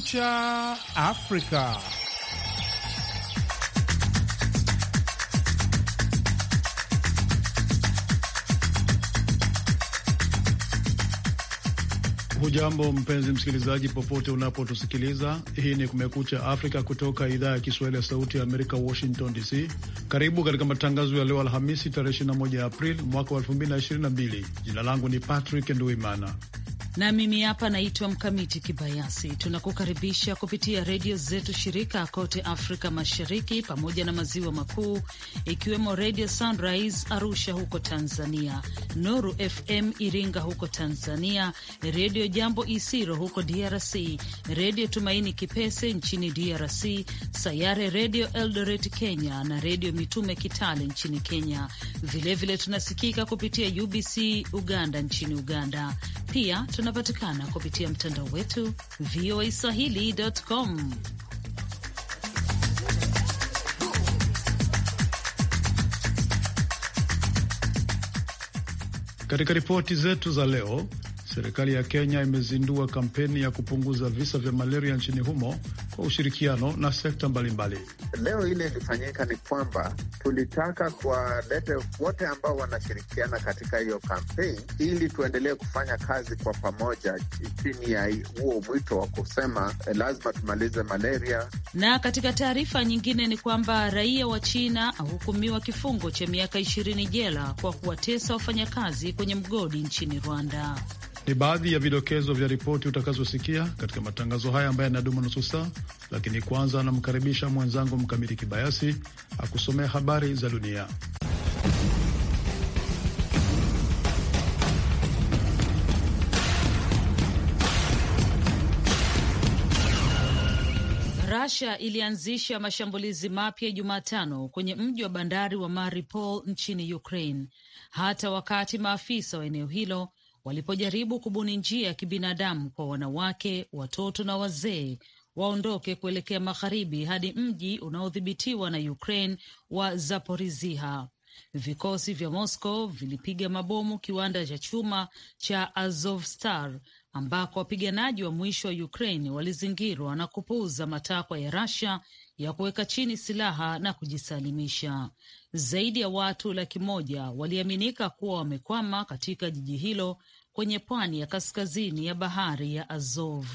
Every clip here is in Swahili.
Kumekucha Afrika. Hujambo mpenzi msikilizaji, popote unapotusikiliza. Hii ni Kumekucha Afrika kutoka idhaa ya Kiswahili ya Sauti ya Amerika, Washington DC. Karibu katika matangazo ya leo Alhamisi, tarehe 21 Aprili mwaka wa 2022. Jina langu ni Patrick Nduimana na mimi hapa naitwa Mkamiti Kibayasi. Tunakukaribisha kupitia redio zetu shirika kote Afrika Mashariki pamoja na Maziwa Makuu, ikiwemo Redio Sunrise Arusha huko Tanzania, Nuru FM Iringa huko Tanzania, Redio Jambo Isiro huko DRC, Redio Tumaini Kipese nchini DRC, Sayare Redio Eldoret Kenya na Redio Mitume Kitale nchini Kenya. Vilevile vile tunasikika kupitia UBC Uganda nchini Uganda, pia tunapatikana kupitia mtandao wetu VOA Swahili.com. Katika ripoti zetu za leo, serikali ya Kenya imezindua kampeni ya kupunguza visa vya malaria nchini humo kwa ushirikiano na sekta mbalimbali. Leo ile ilifanyika ni kwamba tulitaka kuwalete wote ambao wanashirikiana katika hiyo kampeni, ili tuendelee kufanya kazi kwa pamoja chini ya huo mwito wa kusema eh, lazima tumalize malaria. Na katika taarifa nyingine ni kwamba raia wa China ahukumiwa kifungo cha miaka ishirini jela kwa kuwatesa wafanyakazi kwenye mgodi nchini Rwanda. Ni baadhi ya vidokezo vya ripoti utakazosikia katika matangazo haya ambayo yanadumu nusu saa, lakini kwanza anamkaribisha mwenzangu Mkamiti Kibayasi akusomea habari za dunia. Russia ilianzisha mashambulizi mapya Jumatano kwenye mji wa bandari wa Mariupol nchini Ukraine, hata wakati maafisa wa eneo hilo walipojaribu kubuni njia ya kibinadamu kwa wanawake, watoto na wazee waondoke kuelekea magharibi hadi mji unaodhibitiwa na Ukraine wa Zaporizhia. Vikosi vya Moscow vilipiga mabomu kiwanda cha chuma cha Azovstal ambako wapiganaji wa mwisho wa Ukraine walizingirwa na kupuuza matakwa ya Russia ya kuweka chini silaha na kujisalimisha. Zaidi ya watu laki moja waliaminika kuwa wamekwama katika jiji hilo kwenye pwani ya kaskazini ya bahari ya Azov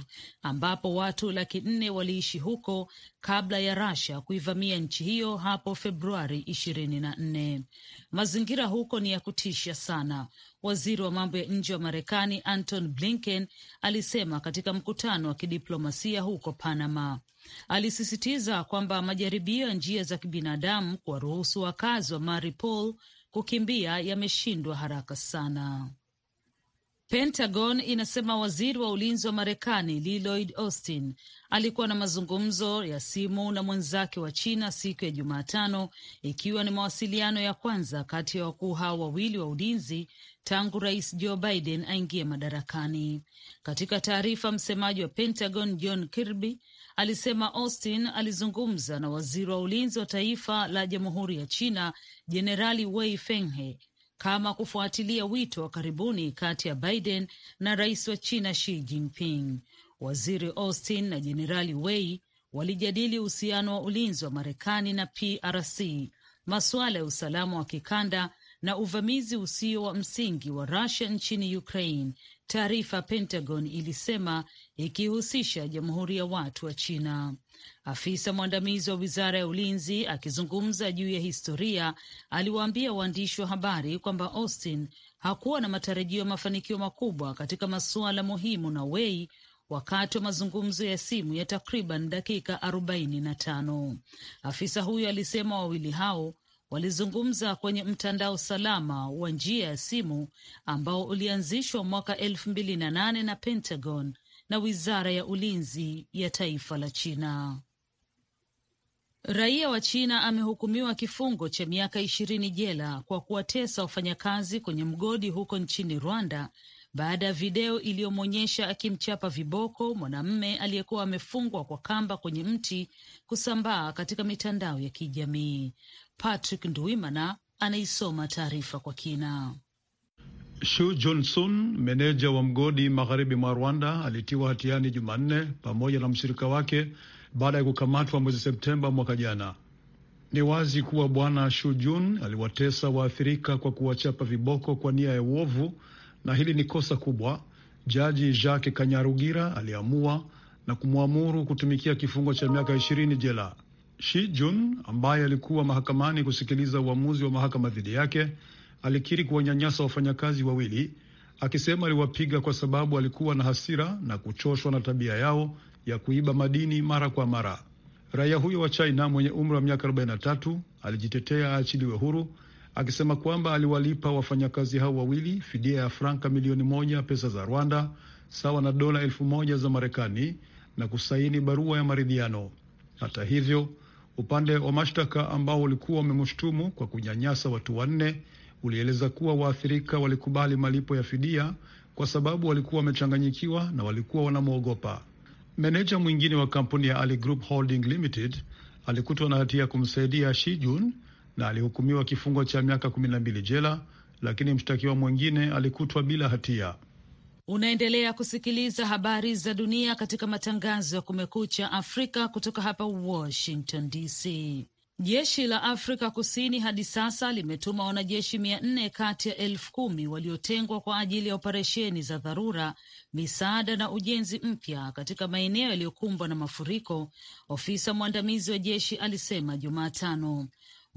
ambapo watu laki nne waliishi huko kabla ya Russia kuivamia nchi hiyo hapo Februari ishirini na nne. Mazingira huko ni ya kutisha sana, waziri wa mambo ya nje wa Marekani Anton Blinken alisema katika mkutano wa kidiplomasia huko Panama. Alisisitiza kwamba majaribio ya njia za kibinadamu kuwaruhusu wakazi wa Mariupol kukimbia yameshindwa haraka sana. Pentagon inasema waziri wa ulinzi wa Marekani Lloyd Austin alikuwa na mazungumzo ya simu na mwenzake wa China siku ya Jumatano, ikiwa ni mawasiliano ya kwanza kati ya wakuu hao wawili wa ulinzi tangu rais Joe Biden aingie madarakani. Katika taarifa, msemaji wa Pentagon John Kirby alisema Austin alizungumza na waziri wa ulinzi wa taifa la jamhuri ya China Jenerali Wei Fenghe kama kufuatilia wito wa karibuni kati ya Biden na rais wa China Xi Jinping. Waziri Austin na Jenerali Wei walijadili uhusiano wa ulinzi wa Marekani na PRC, masuala ya usalama wa kikanda na uvamizi usio wa msingi wa Rusia nchini Ukraine, taarifa Pentagon ilisema ikihusisha Jamhuri ya Watu wa China. Afisa mwandamizi wa wizara ya ulinzi akizungumza juu ya historia aliwaambia waandishi wa habari kwamba Austin hakuwa na matarajio ya mafanikio makubwa katika masuala muhimu na Wei wakati wa mazungumzo ya simu ya takriban dakika arobaini na tano. Afisa huyo alisema wawili hao walizungumza kwenye mtandao salama wa njia ya simu ambao ulianzishwa mwaka elfu mbili na nane na Pentagon na wizara ya ulinzi ya taifa la China. Raia wa China amehukumiwa kifungo cha miaka ishirini jela kwa kuwatesa wafanyakazi kwenye mgodi huko nchini Rwanda baada ya video iliyomwonyesha akimchapa viboko mwanamume aliyekuwa amefungwa kwa kamba kwenye mti kusambaa katika mitandao ya kijamii. Patrick nduimana anaisoma taarifa kwa kina. Shu Johnson, meneja wa mgodi magharibi mwa Rwanda, alitiwa hatiani Jumanne pamoja na mshirika wake baada ya kukamatwa mwezi Septemba mwaka jana. Ni wazi kuwa Bwana Shujun aliwatesa waathirika kwa kuwachapa viboko kwa nia ya uovu, na hili ni kosa kubwa. Jaji Jacques Kanyarugira aliamua na kumwamuru kutumikia kifungo cha miaka ishirini jela. jun ambaye alikuwa mahakamani kusikiliza uamuzi wa mahakama dhidi yake alikiri kuwanyanyasa wafanyakazi wawili akisema aliwapiga kwa sababu alikuwa na hasira na kuchoshwa na tabia yao ya kuiba madini mara kwa mara. Raia huyo wa China mwenye umri wa miaka 43 alijitetea aachiliwe huru akisema kwamba aliwalipa wafanyakazi hao wawili fidia ya franka milioni moja pesa za Rwanda sawa na dola elfu moja za Marekani na kusaini barua ya maridhiano. Hata hivyo, upande wa mashtaka ambao ulikuwa umemshutumu kwa kunyanyasa watu wanne ulieleza kuwa waathirika walikubali malipo ya fidia kwa sababu walikuwa wamechanganyikiwa na walikuwa wanamwogopa. Meneja mwingine wa kampuni ya Ali Group Holding Limited alikutwa na hatia ya kumsaidia Shijun na alihukumiwa kifungo cha miaka 12 jela, lakini mshtakiwa mwingine alikutwa bila hatia. Unaendelea kusikiliza habari za dunia katika matangazo ya Kumekucha Afrika kutoka hapa Washington DC. Jeshi la Afrika Kusini hadi sasa limetuma wanajeshi mia nne kati ya elfu kumi waliotengwa kwa ajili ya operesheni za dharura, misaada na ujenzi mpya katika maeneo yaliyokumbwa na mafuriko, ofisa mwandamizi wa jeshi alisema Jumatano.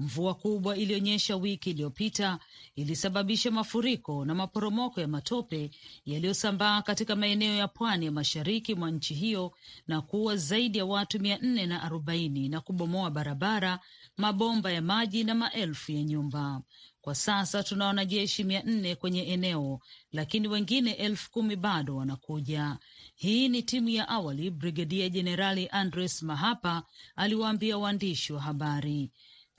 Mvua kubwa iliyonyesha wiki iliyopita ilisababisha mafuriko na maporomoko ya matope yaliyosambaa katika maeneo ya pwani ya mashariki mwa nchi hiyo na kuua zaidi ya watu mia nne na arobaini na kubomoa barabara, mabomba ya maji na maelfu ya nyumba. Kwa sasa tuna wanajeshi mia nne kwenye eneo, lakini wengine elfu kumi bado wanakuja. Hii ni timu ya awali, Brigedia Jenerali Andres Mahapa aliwaambia waandishi wa habari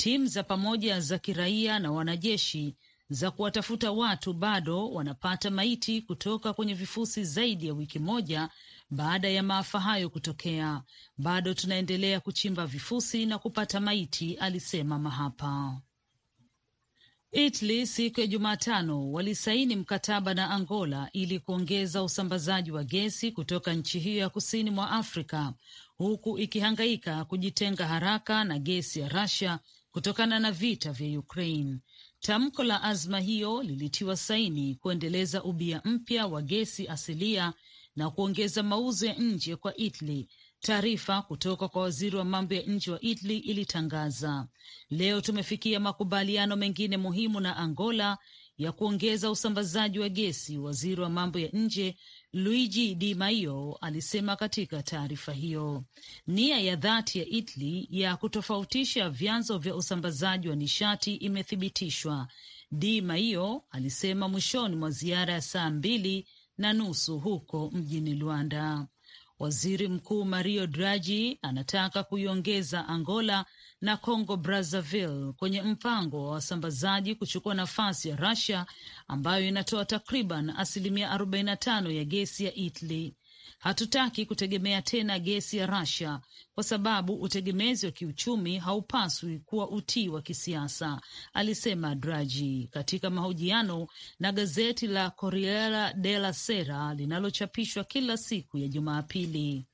timu za pamoja za kiraia na wanajeshi za kuwatafuta watu bado wanapata maiti kutoka kwenye vifusi zaidi ya wiki moja baada ya maafa hayo kutokea. Bado tunaendelea kuchimba vifusi na kupata maiti, alisema Mahapa. Italy siku ya Jumatano walisaini mkataba na Angola ili kuongeza usambazaji wa gesi kutoka nchi hiyo ya kusini mwa Afrika, huku ikihangaika kujitenga haraka na gesi ya Russia kutokana na vita vya Ukraine. Tamko la azma hiyo lilitiwa saini kuendeleza ubia mpya wa gesi asilia na kuongeza mauzo ya nje kwa Italy. Taarifa kutoka kwa waziri wa mambo ya nje wa Italy ilitangaza leo, tumefikia makubaliano mengine muhimu na Angola ya kuongeza usambazaji wa gesi, waziri wa mambo ya nje Luigi Di Maio alisema katika taarifa hiyo. Nia ya dhati ya Italy ya kutofautisha vyanzo vya usambazaji wa nishati imethibitishwa, Di Maio alisema mwishoni mwa ziara ya saa mbili na nusu huko mjini Luanda. Waziri Mkuu Mario Draghi anataka kuiongeza Angola na Congo Brazzaville kwenye mpango wa wasambazaji kuchukua nafasi ya Russia ambayo inatoa takriban asilimia 45 ya gesi ya Italy. Hatutaki kutegemea tena gesi ya Russia kwa sababu utegemezi wa kiuchumi haupaswi kuwa utii wa kisiasa, alisema draji katika mahojiano na gazeti la Corriere della Sera linalochapishwa kila siku ya Jumapili.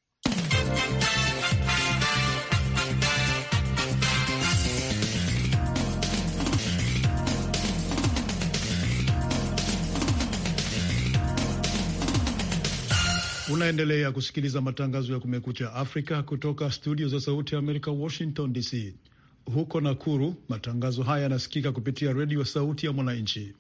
Unaendelea kusikiliza matangazo ya Kumekucha Afrika kutoka studio za Sauti ya Amerika, Washington DC. Huko Nakuru, matangazo haya yanasikika kupitia redio Sauti ya Mwananchi.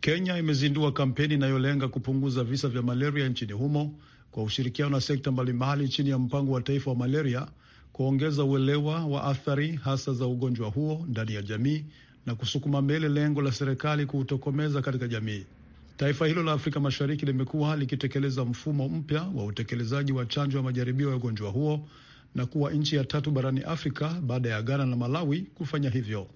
Kenya imezindua kampeni inayolenga kupunguza visa vya malaria nchini humo kwa ushirikiano na sekta mbalimbali chini ya mpango wa taifa wa malaria, kuongeza uelewa wa athari hasa za ugonjwa huo ndani ya jamii na kusukuma mbele lengo la serikali kuutokomeza katika jamii. Taifa hilo la Afrika Mashariki limekuwa likitekeleza mfumo mpya wa utekelezaji wa chanjo ya majaribio ya ugonjwa huo na kuwa nchi ya tatu barani Afrika baada ya Ghana na Malawi kufanya hivyo.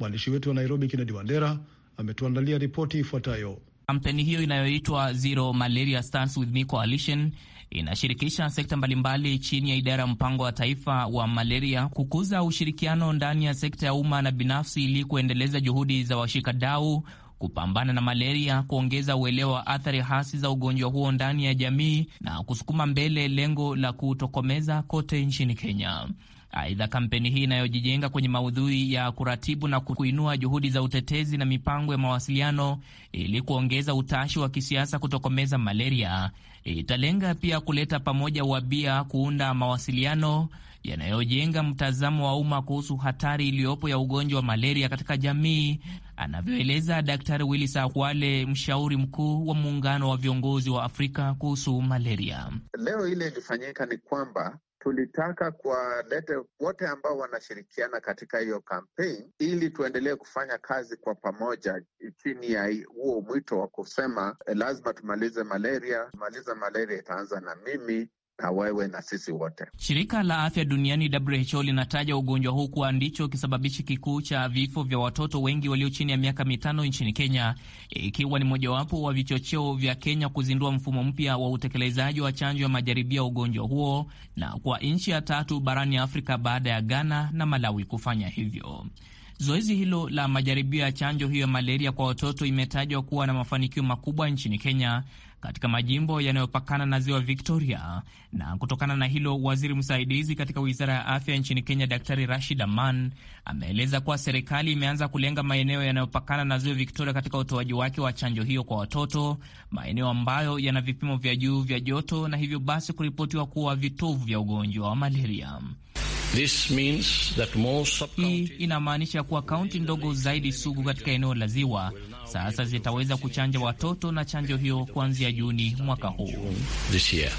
Mwandishi wetu wa Nairobi, Kennedy Wandera, ametuandalia ripoti ifuatayo. Kampeni hiyo inayoitwa Zero Malaria Starts With Me Coalition inashirikisha sekta mbalimbali chini ya idara ya mpango wa taifa wa malaria kukuza ushirikiano ndani ya sekta ya umma na binafsi ili kuendeleza juhudi za washikadau kupambana na malaria, kuongeza uelewa wa athari hasi za ugonjwa huo ndani ya jamii na kusukuma mbele lengo la kutokomeza kote nchini Kenya. Aidha, kampeni hii inayojijenga kwenye maudhui ya kuratibu na kuinua juhudi za utetezi na mipango ya mawasiliano ili kuongeza utashi wa kisiasa kutokomeza malaria italenga pia kuleta pamoja wabia, kuunda mawasiliano yanayojenga mtazamo wa umma kuhusu hatari iliyopo ya ugonjwa wa malaria katika jamii, anavyoeleza Daktari Willis Akwale, mshauri mkuu wa muungano wa viongozi wa Afrika kuhusu malaria. Leo ile ilifanyika ni kwamba tulitaka kuwalete wote ambao wanashirikiana katika hiyo kampeni ili tuendelee kufanya kazi kwa pamoja chini ya huo mwito wa kusema eh, lazima tumalize malaria. Tumaliza malaria itaanza na mimi, na wewe na sisi wote. Shirika la Afya Duniani WHO linataja ugonjwa huu kuwa ndicho kisababishi kikuu cha vifo vya watoto wengi walio chini ya miaka mitano nchini Kenya, ikiwa ni mojawapo wa vichocheo vya Kenya kuzindua mfumo mpya wa utekelezaji wa chanjo ya majaribio ya ugonjwa huo na kwa nchi ya tatu barani Afrika baada ya Ghana na Malawi kufanya hivyo. Zoezi hilo la majaribio ya chanjo hiyo ya malaria kwa watoto imetajwa kuwa na mafanikio makubwa nchini Kenya katika majimbo yanayopakana na ziwa Victoria. Na kutokana na hilo, waziri msaidizi katika wizara ya afya nchini Kenya, Daktari Rashid Aman, ameeleza kuwa serikali imeanza kulenga maeneo yanayopakana na ziwa Victoria katika utoaji wake wa chanjo hiyo kwa watoto, maeneo ambayo yana vipimo vya juu vya joto na hivyo basi kuripotiwa kuwa vitovu vya ugonjwa wa malaria hii inamaanisha kuwa kaunti ndogo zaidi sugu katika eneo la ziwa sasa zitaweza kuchanja watoto na chanjo hiyo kuanzia Juni mwaka huu.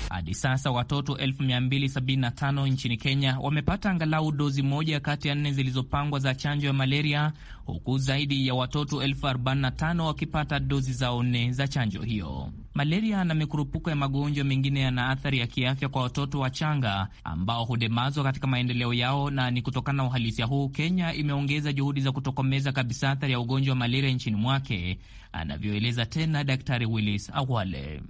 Hadi sasa watoto 275 nchini Kenya wamepata angalau dozi moja kati ya nne zilizopangwa za chanjo ya malaria, huku zaidi ya watoto 45 wakipata dozi zao nne za chanjo hiyo. Malaria na mikurupuko ya magonjwa mengine yana athari ya kiafya kwa watoto wachanga ambao hudemazwa katika maendeleo yao, na ni kutokana na uhalisia huu, Kenya imeongeza juhudi za kutokomeza kabisa athari ya ugonjwa wa malaria nchini mwake, anavyoeleza tena Daktari Willis Awale.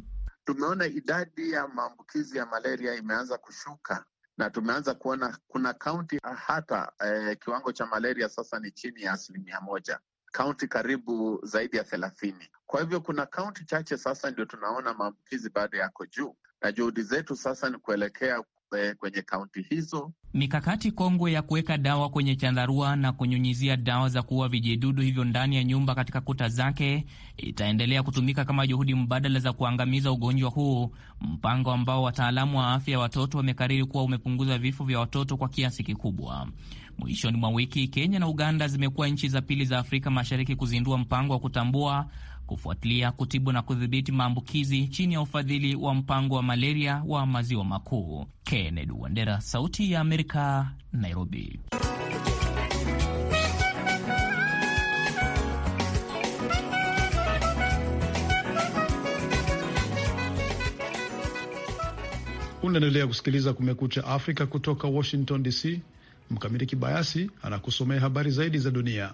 Tumeona idadi ya maambukizi ya malaria imeanza kushuka na tumeanza kuona kuna kaunti hata eh, kiwango cha malaria sasa ni chini ya asilimia moja kaunti karibu zaidi ya thelathini. Kwa hivyo kuna kaunti chache sasa ndio tunaona maambukizi bado yako juu, na juhudi zetu sasa ni kuelekea eh, kwenye kaunti hizo. Mikakati kongwe ya kuweka dawa kwenye chandarua na kunyunyizia dawa za kuua vijidudu hivyo ndani ya nyumba katika kuta zake itaendelea kutumika kama juhudi mbadala za kuangamiza ugonjwa huu, mpango ambao wataalamu wa afya ya watoto wamekariri kuwa umepunguza vifo vya watoto kwa kiasi kikubwa. Mwishoni mwa wiki, Kenya na Uganda zimekuwa nchi za pili za Afrika Mashariki kuzindua mpango wa kutambua, kufuatilia, kutibu na kudhibiti maambukizi chini ya ufadhili wa mpango wa malaria wa maziwa makuu. Kennedy Wandera, Sauti ya Amerika, Nairobi. Unaendelea kusikiliza Kumekucha Afrika kutoka Washington DC. Mkamiti Kibayasi anakusomea habari zaidi za dunia.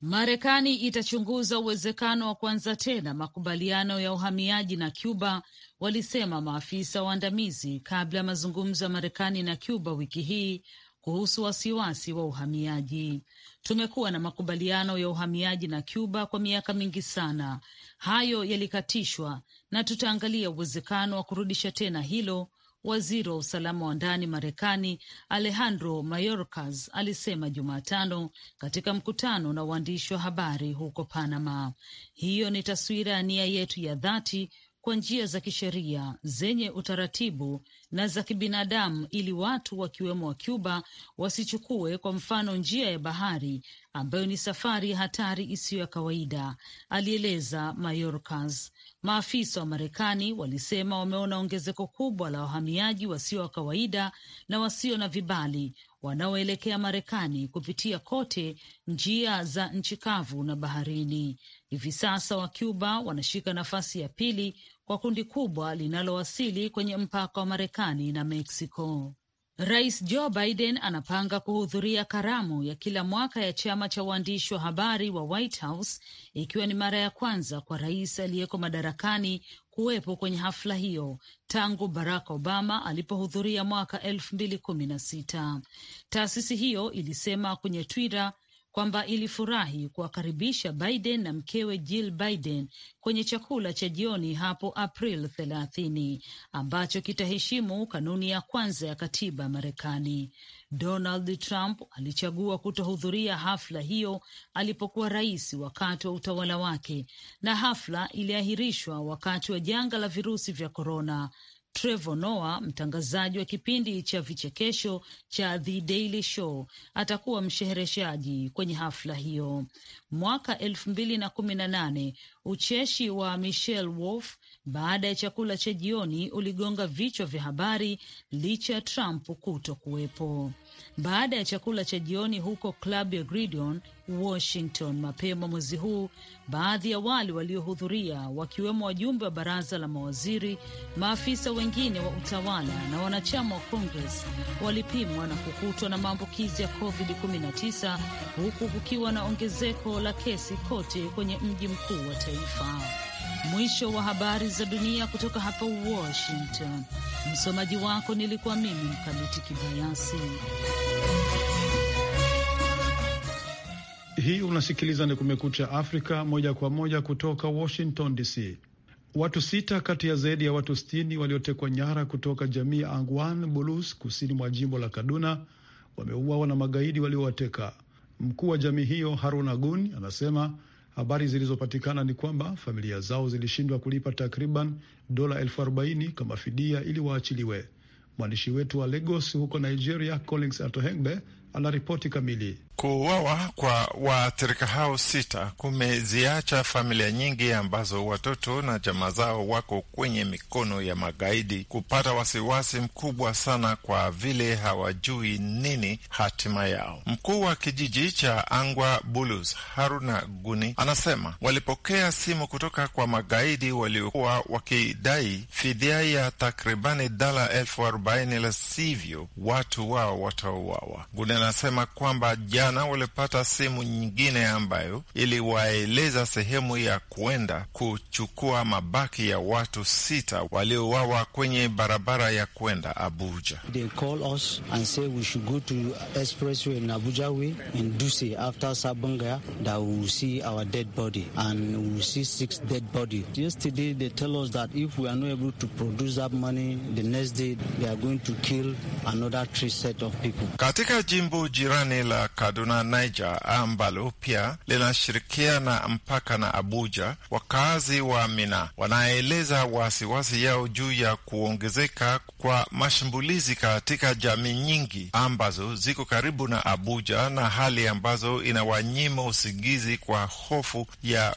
Marekani itachunguza uwezekano wa kuanza tena makubaliano ya uhamiaji na Cuba, walisema maafisa waandamizi kabla ya mazungumzo ya Marekani na Cuba wiki hii kuhusu wasiwasi wa uhamiaji. Tumekuwa na makubaliano ya uhamiaji na Cuba kwa miaka mingi sana, hayo yalikatishwa, na tutaangalia uwezekano wa kurudisha tena hilo, waziri wa usalama wa ndani Marekani Alejandro Mayorkas alisema Jumatano katika mkutano na waandishi wa habari huko Panama. Hiyo ni taswira ya nia yetu ya dhati kwa njia za kisheria zenye utaratibu na za kibinadamu, ili watu wakiwemo wa Cuba wasichukue kwa mfano njia ya bahari ambayo ni safari hatari isiyo ya kawaida, alieleza Mayorkas. Maafisa wa Marekani walisema wameona ongezeko kubwa la wahamiaji wasio wa kawaida na wasio na vibali wanaoelekea Marekani kupitia kote njia za nchi kavu na baharini. Hivi sasa wa Cuba wanashika nafasi ya pili kwa kundi kubwa linalowasili kwenye mpaka wa Marekani na Meksiko. Rais Joe Biden anapanga kuhudhuria karamu ya kila mwaka ya chama cha waandishi wa habari wa White House, ikiwa ni mara ya kwanza kwa rais aliyeko madarakani kuwepo kwenye hafla hiyo tangu Barack Obama alipohudhuria mwaka elfu mbili kumi na sita. Taasisi hiyo ilisema kwenye Twitter kwamba ilifurahi kuwakaribisha Biden na mkewe Jill Biden kwenye chakula cha jioni hapo April 30 ambacho kitaheshimu kanuni ya kwanza ya katiba Marekani. Donald Trump alichagua kutohudhuria hafla hiyo alipokuwa rais wakati wa utawala wake, na hafla iliahirishwa wakati wa janga la virusi vya korona. Trevor Noah, mtangazaji wa kipindi cha vichekesho cha The Daily Show, atakuwa mshehereshaji kwenye hafla hiyo. Mwaka elfu mbili na kumi na nane ucheshi wa Michelle Wolf baada ya chakula cha jioni uligonga vichwa vya habari licha ya Trump kuto kuwepo. Baada ya chakula cha jioni huko klabu ya Gridiron Washington mapema mwezi huu, baadhi ya wale waliohudhuria wakiwemo wajumbe wa baraza la mawaziri, maafisa wengine wa utawala na wanachama wa Kongres walipimwa na kukutwa na maambukizi ya COVID-19 huku kukiwa na ongezeko la kesi kote kwenye mji mkuu wa taifa. Mwisho wa habari za dunia kutoka hapa Washington. Msomaji wako nilikuwa mimi Mkamiti Kibayasi. Hii unasikiliza ni Kumekucha Afrika moja kwa moja kutoka Washington DC. Watu sita kati ya zaidi ya watu sitini waliotekwa nyara kutoka jamii ya Angwan Bulus kusini mwa jimbo la Kaduna wameuawa na magaidi waliowateka. Mkuu wa jamii hiyo Haruna Gun anasema Habari zilizopatikana ni kwamba familia zao zilishindwa kulipa takriban dola elfu arobaini kama fidia ili waachiliwe. Mwandishi wetu wa Lagos huko Nigeria, Collins Atohengbe, anaripoti kamili. Kuuawa kwa waathirika hao sita kumeziacha familia nyingi ambazo watoto na jamaa zao wako kwenye mikono ya magaidi kupata wasiwasi mkubwa sana, kwa vile hawajui nini hatima yao. Mkuu wa kijiji cha Angwa Bulus, Haruna Guni, anasema walipokea simu kutoka kwa magaidi waliokuwa wakidai fidia ya takribani dala elfu arobaini la sivyo watu wao watauawa. Guni anasema kwamba jana walipata simu nyingine ambayo iliwaeleza sehemu ya kwenda kuchukua mabaki ya watu sita waliouawa kwenye barabara ya kwenda Abuja. They call us and say we should go to expressway in Abuja way in after that we will see our dead body and we will see six dead body. Yesterday they tell us that if we are not able to produce that money the next day they are going to kill another three set of people. Katika jimbo jirani la Kad Kaduna Niger, ambalo pia linashirikiana mpaka na Abuja, wakazi wa Mina wanaeleza wasiwasi yao juu ya kuongezeka kwa mashambulizi katika jamii nyingi ambazo ziko karibu na Abuja, na hali ambazo inawanyima usingizi kwa hofu ya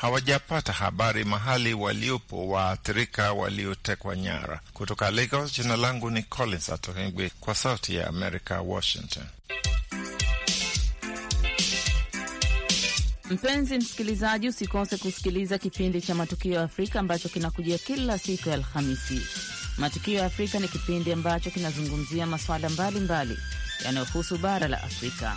hawajapata habari mahali waliopo waathirika waliotekwa nyara. Kutoka Lagos, jina langu ni Collins Atokengwi, kwa Sauti ya america Washington. Mpenzi msikilizaji, usikose kusikiliza kipindi cha Matukio ya Afrika ambacho kinakujia kila siku ya Alhamisi. Matukio ya Afrika ni kipindi ambacho kinazungumzia masuala mbalimbali yanayohusu bara la Afrika.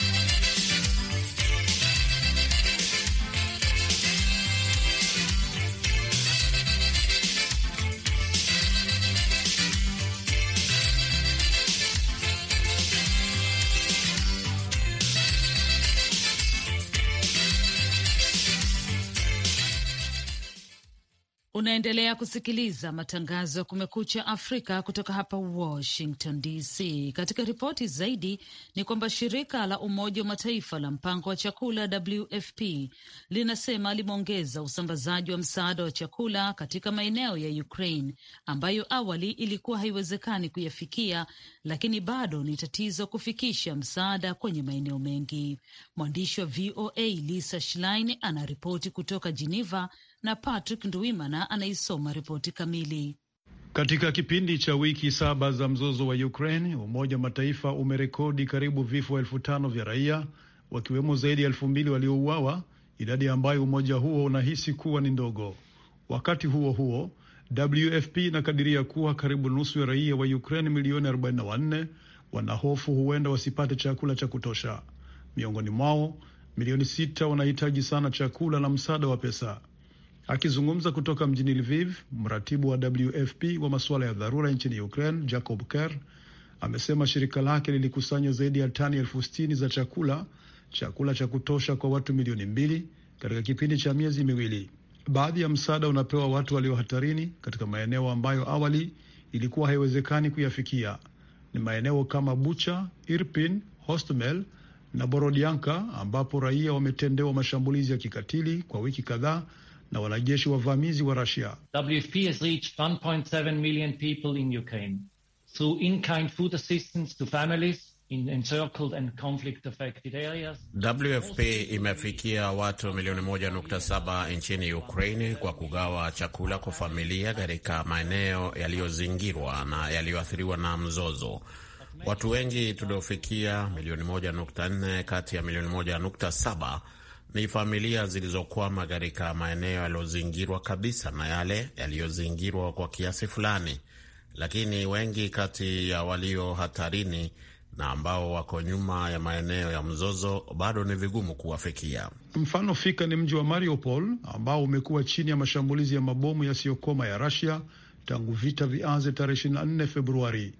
Unaendelea kusikiliza matangazo ya Kumekucha Afrika kutoka hapa Washington DC. Katika ripoti zaidi ni kwamba shirika la Umoja wa Mataifa la mpango wa chakula WFP linasema limeongeza usambazaji wa msaada wa chakula katika maeneo ya Ukraine ambayo awali ilikuwa haiwezekani kuyafikia, lakini bado ni tatizo kufikisha msaada kwenye maeneo mengi. Mwandishi wa VOA Lisa Schlein anaripoti kutoka Geneva na Patrick Nduimana anaisoma ripoti kamili. Katika kipindi cha wiki saba za mzozo wa Ukraine, Umoja wa Mataifa umerekodi karibu vifo elfu tano vya raia, wakiwemo zaidi ya elfu mbili waliouawa, idadi ambayo umoja huo unahisi kuwa ni ndogo. Wakati huo huo, WFP inakadiria kuwa karibu nusu ya raia wa Ukraine milioni 44 wanahofu huenda wasipate chakula cha kutosha. Miongoni mwao milioni sita wanahitaji sana chakula na msaada wa pesa. Akizungumza kutoka mjini Lviv, mratibu wa WFP wa masuala ya dharura nchini Ukraine Jacob Kerr amesema shirika lake lilikusanya zaidi ya tani elfu sitini za chakula chakula cha kutosha kwa watu milioni mbili katika kipindi cha miezi miwili. Baadhi ya msaada unapewa watu walio hatarini katika maeneo ambayo awali ilikuwa haiwezekani kuyafikia. Ni maeneo kama Bucha, Irpin, hostmel na Borodianka ambapo raia wametendewa mashambulizi ya kikatili kwa wiki kadhaa na wanajeshi wavamizi wa Russia. WFP has reached 1.7 million people in Ukraine through in-kind food assistance to families WFP imefikia watu milioni 1.7 nchini Ukraini kwa kugawa chakula kwa familia katika maeneo yaliyozingirwa na yaliyoathiriwa na mzozo. Watu wengi tuliofikia milioni 1.4 kati ya milioni 1.7 ni familia zilizokwama katika maeneo yaliyozingirwa kabisa na yale yaliyozingirwa kwa kiasi fulani, lakini wengi kati ya walio hatarini na ambao wako nyuma ya maeneo ya mzozo bado ni vigumu kuwafikia. Mfano fika ni mji wa Mariupol ambao umekuwa chini ya mashambulizi ya mabomu yasiyokoma ya rasia tangu vita vianze tarehe 24 Februari.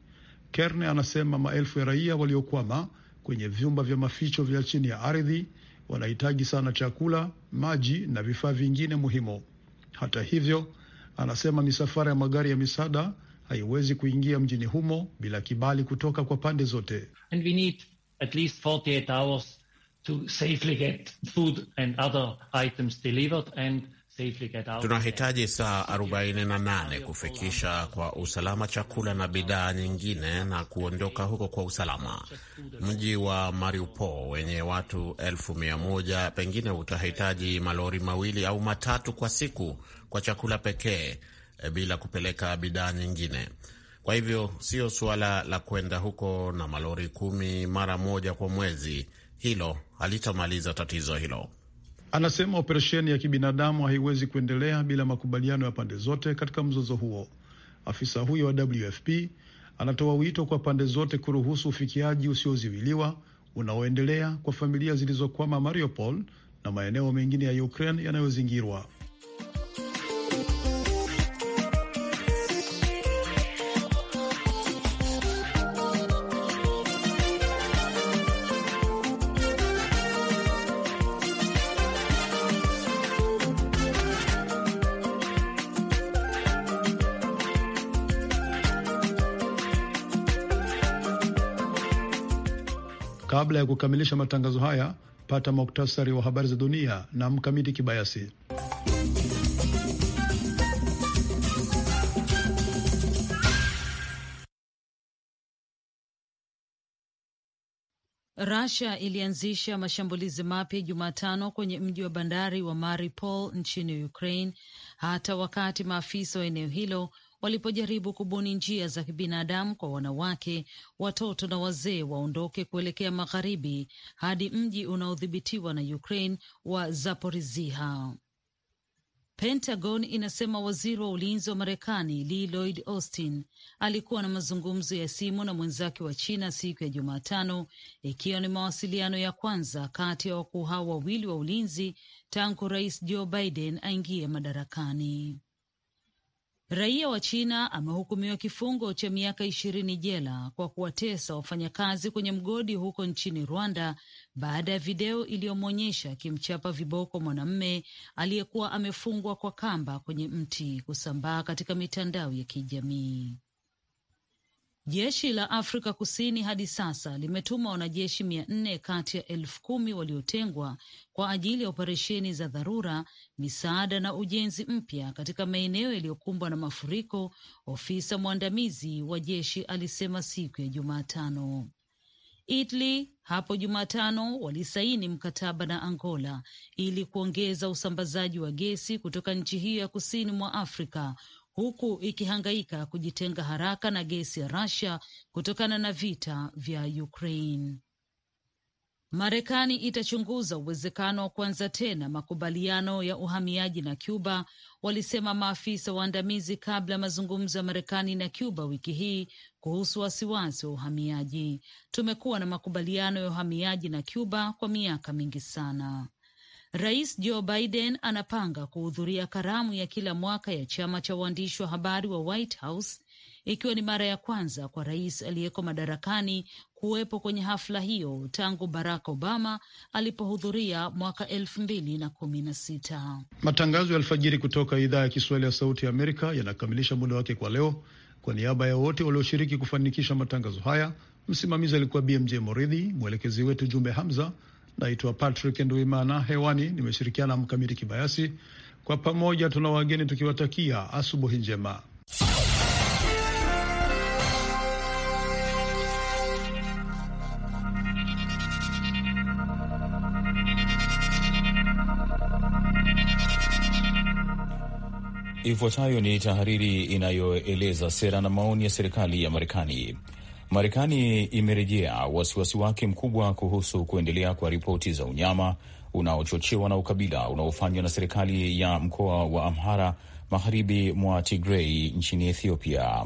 Kerne anasema maelfu ya raia waliokwama kwenye vyumba vya maficho vya chini ya ardhi wanahitaji sana chakula, maji na vifaa vingine muhimu. Hata hivyo, anasema misafara ya magari ya misaada haiwezi kuingia mjini humo bila kibali kutoka kwa pande zote. And we need at least 48 hours to safely get food and other items delivered and Tunahitaji saa 48 kufikisha kwa usalama chakula na bidhaa nyingine na kuondoka huko kwa usalama. Mji wa Mariupol wenye watu elfu mia moja pengine utahitaji malori mawili au matatu kwa siku kwa chakula pekee, eh, bila kupeleka bidhaa nyingine. Kwa hivyo sio suala la kwenda huko na malori kumi mara moja kwa mwezi, hilo halitamaliza tatizo hilo anasema operesheni ya kibinadamu haiwezi kuendelea bila makubaliano ya pande zote katika mzozo huo. Afisa huyo wa WFP anatoa wito kwa pande zote kuruhusu ufikiaji usioziwiliwa unaoendelea kwa familia zilizokwama Mariupol na maeneo mengine ya Ukraine yanayozingirwa. Kabla ya kukamilisha matangazo haya, pata muktasari wa habari za dunia na Mkamiti Kibayasi. Russia ilianzisha mashambulizi mapya Jumatano kwenye mji wa bandari wa Mariupol nchini Ukraine hata wakati maafisa wa eneo hilo walipojaribu kubuni njia za kibinadamu kwa wanawake, watoto na wazee waondoke kuelekea magharibi hadi mji unaodhibitiwa na Ukraine wa Zaporizhia. Pentagon inasema waziri wa ulinzi wa Marekani Lee Lloyd Austin alikuwa na mazungumzo ya simu na mwenzake wa China siku ya Jumatano, ikiwa ni mawasiliano ya kwanza kati ya wakuu hao wawili wa ulinzi tangu Rais Joe Biden aingie madarakani. Raia wa China amehukumiwa kifungo cha miaka ishirini jela kwa kuwatesa wafanyakazi kwenye mgodi huko nchini Rwanda baada ya video iliyomwonyesha akimchapa viboko mwanamume aliyekuwa amefungwa kwa kamba kwenye mti kusambaa katika mitandao ya kijamii. Jeshi la Afrika Kusini hadi sasa limetuma wanajeshi mia nne kati ya elfu kumi waliotengwa kwa ajili ya operesheni za dharura, misaada na ujenzi mpya katika maeneo yaliyokumbwa na mafuriko, ofisa mwandamizi wa jeshi alisema siku ya Jumatano. Italy hapo Jumatano walisaini mkataba na Angola ili kuongeza usambazaji wa gesi kutoka nchi hiyo ya kusini mwa Afrika huku ikihangaika kujitenga haraka na gesi ya Russia kutokana na vita vya Ukraine. Marekani itachunguza uwezekano wa kuanza tena makubaliano ya uhamiaji na Cuba, walisema maafisa waandamizi kabla ya mazungumzo ya Marekani na Cuba wiki hii kuhusu wasiwasi wa uhamiaji. Tumekuwa na makubaliano ya uhamiaji na Cuba kwa miaka mingi sana. Rais Joe Biden anapanga kuhudhuria karamu ya kila mwaka ya chama cha waandishi wa habari wa White House, ikiwa ni mara ya kwanza kwa rais aliyeko madarakani kuwepo kwenye hafla hiyo tangu Barack Obama alipohudhuria mwaka elfu mbili na kumi na sita. Matangazo ya alfajiri kutoka idhaa ya Kiswahili ya Sauti ya Amerika yanakamilisha muda wake kwa leo. Kwa niaba ya wote walioshiriki kufanikisha matangazo haya, msimamizi alikuwa BMJ Moridhi, mwelekezi wetu Jumbe Hamza. Naitwa Patrick Nduimana, hewani nimeshirikiana na Mkamiti Kibayasi. Kwa pamoja tuna wageni tukiwatakia asubuhi njema. Ifuatayo ni tahariri inayoeleza sera na maoni ya serikali ya Marekani. Marekani imerejea wasiwasi wake mkubwa kuhusu kuendelea kwa ripoti za unyama unaochochewa na ukabila unaofanywa na serikali ya mkoa wa Amhara magharibi mwa Tigrei nchini Ethiopia.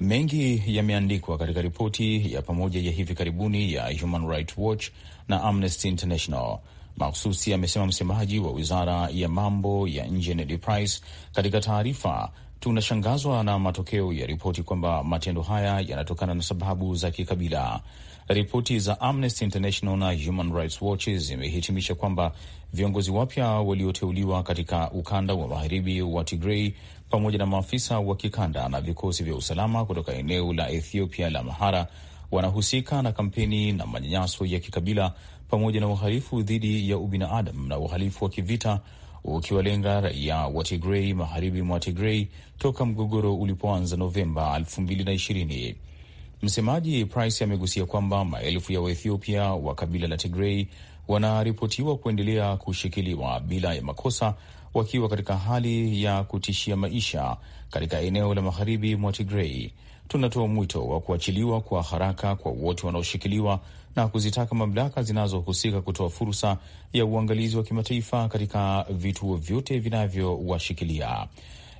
Mengi yameandikwa katika ripoti ya pamoja ya hivi karibuni ya Human Rights Watch na Amnesty International. maksusi amesema msemaji wa wizara ya mambo ya nje Ned Price katika taarifa tunashangazwa na matokeo ya ripoti kwamba matendo haya yanatokana na sababu za kikabila. Ripoti za Amnesty International na Human Rights Watch zimehitimisha kwamba viongozi wapya walioteuliwa katika ukanda wa magharibi wa Tigrei pamoja na maafisa wa kikanda na vikosi vya usalama kutoka eneo la Ethiopia la Amhara wanahusika na kampeni na manyanyaso ya kikabila pamoja na uhalifu dhidi ya ubinadamu na uhalifu wa kivita ukiwalenga raia wa Tigrei magharibi mwa Tigrei toka mgogoro ulipoanza Novemba 2020. Msemaji Price amegusia kwamba maelfu ya Waethiopia wa kabila la Tigrei wanaripotiwa kuendelea kushikiliwa bila ya makosa wakiwa katika hali ya kutishia maisha katika eneo la magharibi mwa Tigrei. Tunatoa mwito wa kuachiliwa kwa haraka kwa wote wanaoshikiliwa na kuzitaka mamlaka zinazohusika kutoa fursa ya uangalizi wa kimataifa katika vituo vyote vinavyowashikilia.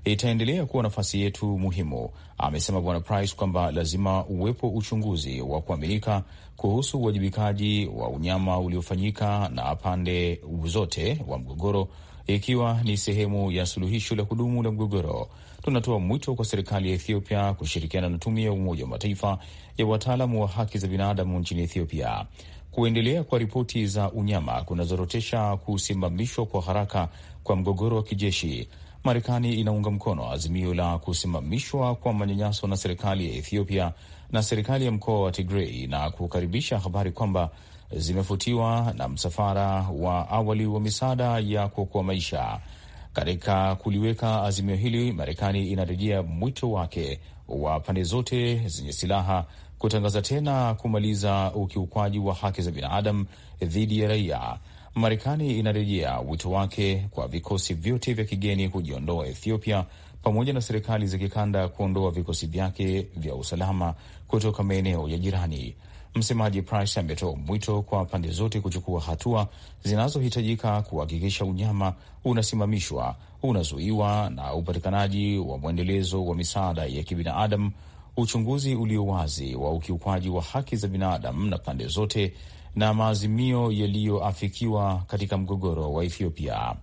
Itaendelea kuwa nafasi yetu muhimu, amesema Bwana Price kwamba lazima uwepo uchunguzi wa kuaminika kuhusu uwajibikaji wa unyama uliofanyika na pande zote wa mgogoro, ikiwa ni sehemu ya suluhisho la kudumu la mgogoro tunatoa mwito kwa serikali ya Ethiopia kushirikiana na tume ya Umoja wa Mataifa ya wataalamu wa haki za binadamu nchini Ethiopia. Kuendelea kwa ripoti za unyama kunazorotesha kusimamishwa kwa haraka kwa mgogoro wa kijeshi. Marekani inaunga mkono azimio la kusimamishwa kwa manyanyaso na serikali ya Ethiopia na serikali ya mkoa wa Tigrei na kukaribisha habari kwamba zimefutiwa na msafara wa awali wa misaada ya kuokoa maisha. Katika kuliweka azimio hili, Marekani inarejea mwito wake wa pande zote zenye silaha kutangaza tena kumaliza ukiukwaji wa haki za binadamu dhidi ya raia. Marekani inarejea wito wake kwa vikosi vyote vya kigeni kujiondoa Ethiopia, pamoja na serikali za kikanda kuondoa vikosi vyake vya usalama kutoka maeneo ya jirani. Msemaji Price ametoa mwito kwa pande zote kuchukua hatua zinazohitajika kuhakikisha unyama unasimamishwa, unazuiwa na upatikanaji wa mwendelezo wa misaada ya kibinadamu, uchunguzi ulio wazi wa ukiukwaji wa haki za binadamu na pande zote, na maazimio yaliyoafikiwa katika mgogoro wa Ethiopia.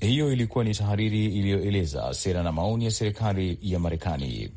Hiyo ilikuwa ni tahariri iliyoeleza sera na maoni ya serikali ya Marekani.